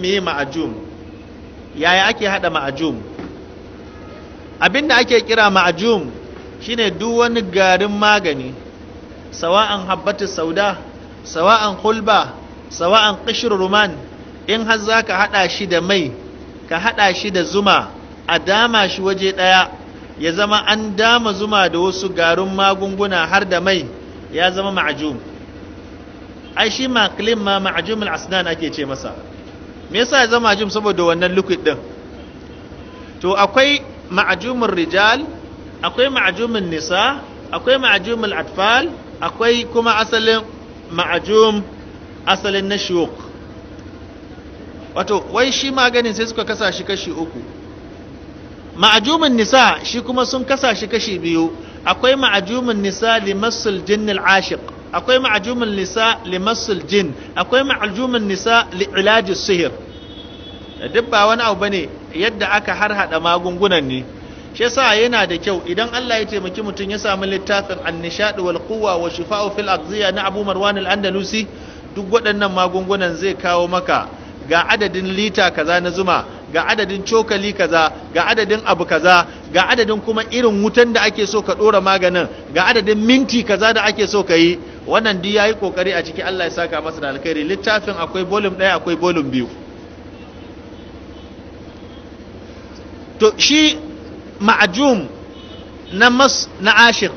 meye ma'ajum yaya ake hada ma'ajum abinda ake kira ma'ajum shine duk wani garin magani sawa'an habbatu sauda sawa'an hulba sawa'an qishr ruman in har zaka hada shi da mai ka hada shi da zuma a dama shi waje daya ya zama an dama zuma da wasu garin magunguna har da mai ya zama ma'ajum ai shi maklim ma ma'ajum al asnan ake ce masa me yasa ya zama majum saboda wannan liquid din to akwai ma'ajumin rijal akwai ma'ajumin nisa akwai ma'jumul atfal akwai kuma asalin ma'jum asalin na shiyok wato wai shi maganin sai suka kasa shi kashi uku ma'ajumin nisa shi kuma sun kasa shi kashi biyu akwai ma'ajumin nisa limassul jinnil ashiq akwai ma'ajumin nisa limassul jin akwai ma'ajumin nisa li'ilaji sihir duk ba wani abu bane yadda aka harhaɗa magungunan ne shi yasa yana da kyau idan Allah ya taimaki mutum ya samu littafin annishad wal quwwa wa shifa'u fil aqziya na Abu Marwan al-Andalusi duk waɗannan magungunan zai kawo maka ga adadin lita kaza na zuma ga adadin cokali kaza ga adadin abu kaza ga adadin kuma irin wutan da ake so ka ɗora maganin ga adadin minti kaza da ake so ka yi wannan duk yayi kokari a ciki Allah ya saka masa da alkhairi littafin akwai volume ɗaya akwai volume biyu to shi ma'ajum na mas na ashir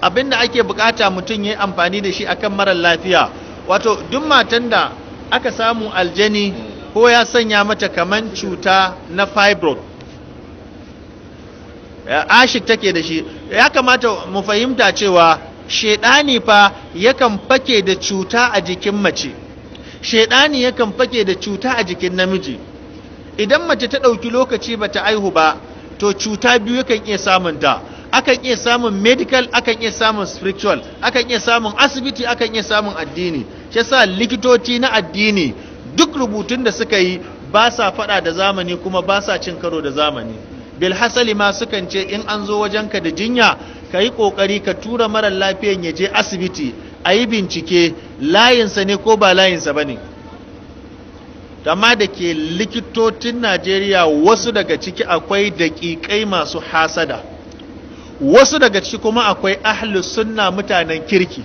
abinda ake bukata mutum ya yi amfani da shi akan marar lafiya wato duk matan da aka samu aljani ko ya sanya mata kaman cuta na fibroid eh, ashik take da shi ya kamata mu fahimta cewa shedani fa yakan fake da cuta a jikin mace shedani yakan fake da cuta a jikin namiji idan mace ta ɗauki lokaci ba ta aihu ba to cuta biyu yakan iya samun ta akan iya samun medical akan iya samun spiritual akan iya samun asibiti akan iya samun addini shi yasa likitoci na addini duk rubutun da suka yi ba sa faɗa da zamani kuma ba sa cin karo da zamani bilhassali ma sukan ce in an zo wajenka da jinya ka yi ƙoƙari ka tura mara lafiyan ya je asibiti a yi bincike layinsa ne ko ba layinsa ba ne amma da ke likitocin najeriya wasu daga ciki akwai daƙiƙai masu hasada wasu daga ciki kuma akwai ahli sunna mutanen kirki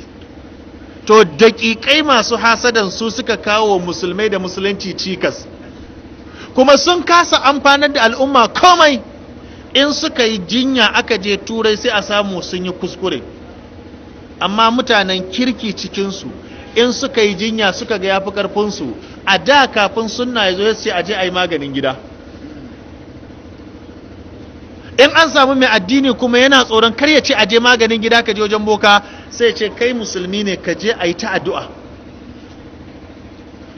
to daƙiƙai masu hasadan su suka kawo musulmai da musulunci cikas kuma sun kasa amfanar da al'umma komai in suka yi jinya aka je turai sai a samu sun yi kuskure amma mutanen kirki cikinsu in suka yi jinya suka ga yafi karfinsu a da kafin sunna ya zo sai a je a yi maganin gida in an samu mai addini kuma yana tsoron kar ya ce a je maganin gida ka je wajen boka sai ce kai musulmi ne ka je a yi ta addu'a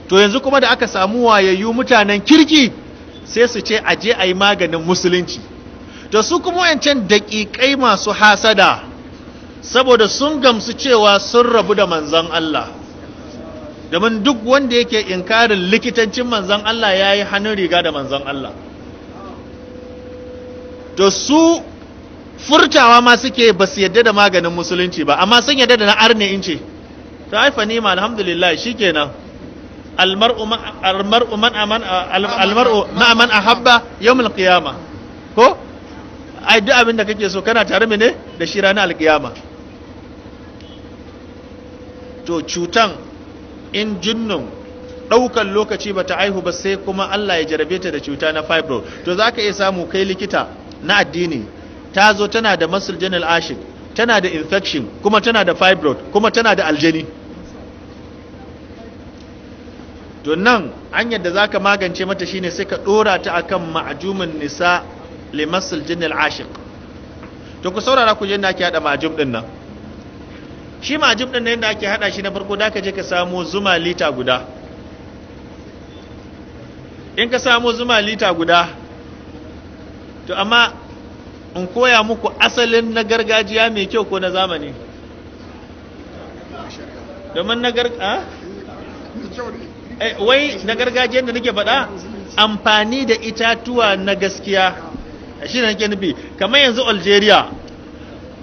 to yanzu kuma da aka samu wayayyu mutanen kirki sai su ce a je a yi maganin musulunci to su kuma wayancan daƙiƙai masu hasada saboda sun gamsu cewa sun rabu da manzan Allah domin duk wanda yake inkarin likitancin manzan Allah ya yi hannun riga da manzan Allah to su furtawa ma suke ba su yadda da maganin musulunci ba amma sun yadda da na arne in ce Ta haifa nima alhamdulillah shikenan almar'u man aman almar'u ma man habba mulkiyama, ko ai duk abin da kake so kana tare ne da shi ranar alkiyama to cutan in jinnun ɗaukan lokaci ba ta aihu ba sai kuma Allah ya jarabe ta da cuta na fibro to za ka iya samu kai likita na addini ta zo tana da muscle general ashik tana da infection kuma tana da fibroid kuma tana da aljani to nan hanyar da za ka magance mata shine sai ka ɗora ta akan ma'ajumin nisa limasul jinnil ashiq to ku saurara ku je inda ake hada majib din nan shi majib din nan inda ake hada shi na farko da ka je ka samo zuma lita guda in ka samo zuma lita guda to amma in koya muku asalin na gargajiya mai kyau ko na zamani domin na gargajiya ah? eh, wai na gargajiyar da nake faɗa amfani da itatuwa na gaskiya shi ne ke nufi kamar yanzu algeria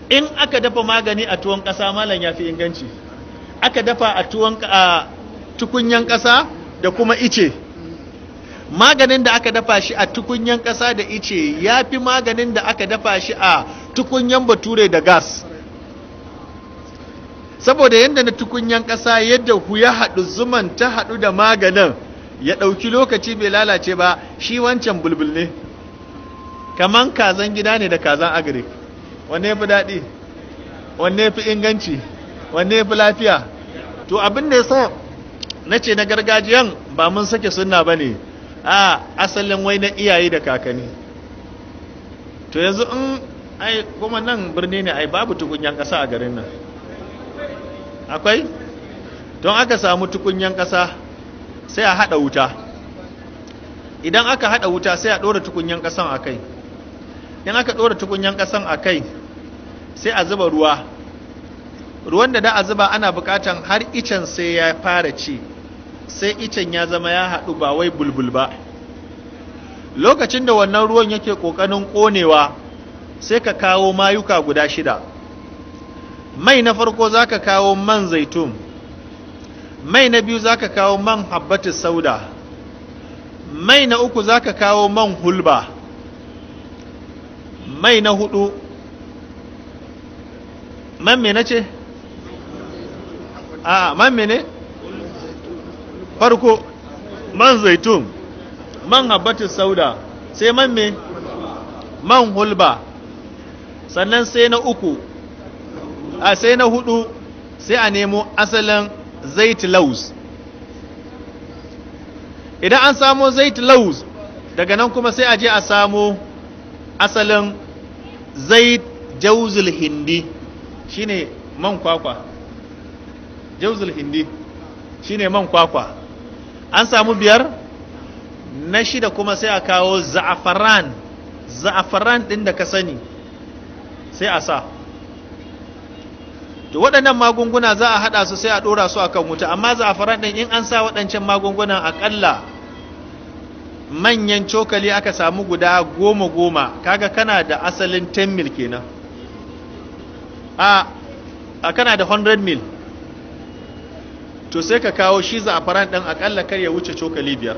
in aka dafa magani a tuwon ƙasa malam ya fi inganci aka dafa a tuwon tukunyan ƙasa da kuma ice maganin da aka dafa shi a tukunyan ƙasa da ice ya fi maganin da aka dafa shi a tukunyan bature da gas saboda yadda na tukunyan ƙasa yadda ya haɗu zuman ta haɗu da maganin ya ɗauki lokaci bai lalace ba shi wancan bulbul ne kaman kazan gida ne da kazan agric wanne ya fi daɗi wanne ya fi inganci wanne ya fi lafiya to abin da ya sa na ce na gargajiyan ba mun sake sunna ba ne a asalin wai na iyaye da kakanni to yanzu in ai kuma nan birni ne ai babu tukunyan ƙasa a garin nan akwai don aka samu tukunyan ƙasa sai a haɗa wuta idan aka haɗa wuta sai a ɗora tukunyan ƙasan a kai in aka ɗora tukunyan ƙasan a kai sai a zuba ruwa ruwan da da a zuba ana buƙatan har icen sai ya fara ci sai icen ya zama ya haɗu ba wai bulbul ba lokacin da wannan ruwan yake ƙoƙarin ƙonewa sai ka kawo mayuka guda shida mai na farko za ka kawo man zaitun mai na biyu za ka kawo man habbatu sauda mai na uku za ka kawo man hulba mai na hudu man mene ce? a man mene? farko man zaitun man habbatin sauda sai man me? man hulba sannan sai na uku a sai na hudu sai a nemo asalin zait laus idan an samo zait laus daga nan kuma sai a je a samo asalin zai jauzul hindi shine man kwakwa jauzul hindi shine man kwakwa an samu biyar na shida kuma sai a kawo za'afaran za'afaran din da ka sani sai a sa to waɗannan magunguna za a haɗa su sai a ɗora su a kan wuta amma za'afaran din in an sa waɗancan magungunan aƙalla manyan cokali aka samu guda goma goma kaga kana da asalin 10 mil kenan a kana da 100 mil to sai ka kawo shi za a faran ɗin akalla kar ya wuce cokali biyar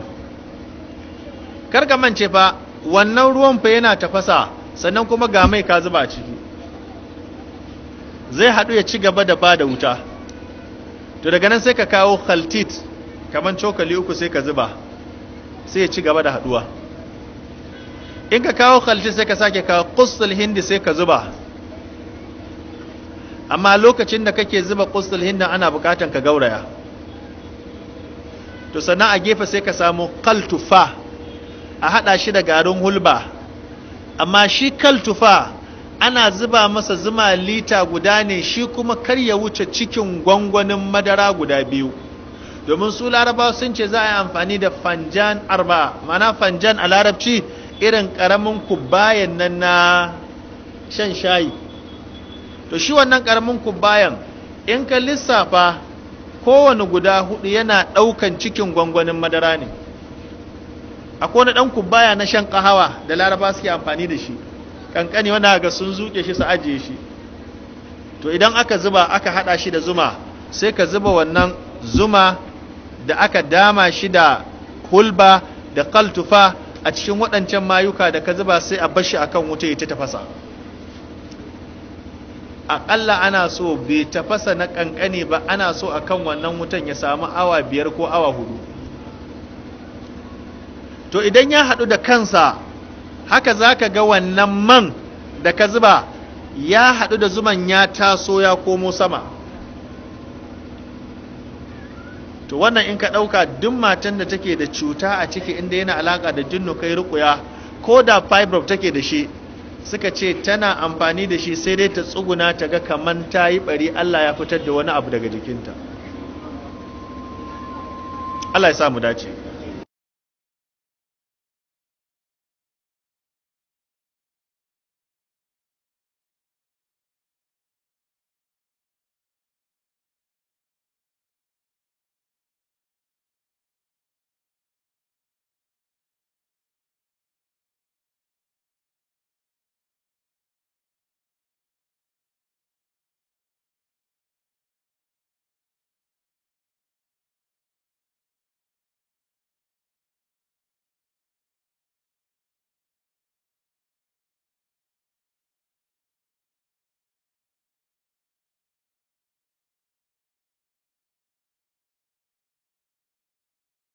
kar ka mance fa wannan ruwan fa yana tafasa sannan kuma ga mai ka zuba ciki zai haɗu ya ci gaba da ba da wuta to daga nan sai ka kawo khaltit kamar cokali uku sai ka zuba sai ya ci gaba da haduwa in ka kawo khalti sai ka sake kawo qustul hindi sai ka zuba amma lokacin da kake zuba qustul Hindi, ana bukatan ka gauraya to sannan a gefe sai ka samu kaltufa a hada shi da garin hulba amma shi kaltufa ana zuba masa zuma lita guda ne shi kuma kar ya wuce cikin gwangwanin madara guda biyu domin su Laraba sun ce za a yi amfani da fanjan arba mana fanjan a larabci irin karamin kubayan nan na shan shayi to shi wannan karamin kubayan in ka lissafa kowane guda hudu yana daukan cikin gwangwanin madara ne A kone dan kubaya na shan kahawa da laraba suke amfani da shi kankani wani ga sun zuke shi su ajiye shi to idan aka zuba aka hada shi da zuma sai ka zuba wannan zuma da aka dama shi da hulba da kaltufa a cikin waɗancan mayuka da ka zuba sai a bashi akan wuta ya ta tafasa aƙalla ana so bai tafasa na ƙanƙane ba ana so a kan wannan wutan ya samu awa biyar ko awa hudu to idan ya haɗu da kansa haka za ka ga wannan man da ka zuba ya haɗu da zuman ya taso ya komo sama to wannan in ka ɗauka duk matan da take da cuta a ciki inda yana alaƙa da jinnu kai rukuya ko da fibro take da shi suka ce tana amfani da shi sai dai ta tsuguna ta ga kaman ta yi bari Allah ya fitar da wani abu daga jikinta Allah ya samu dace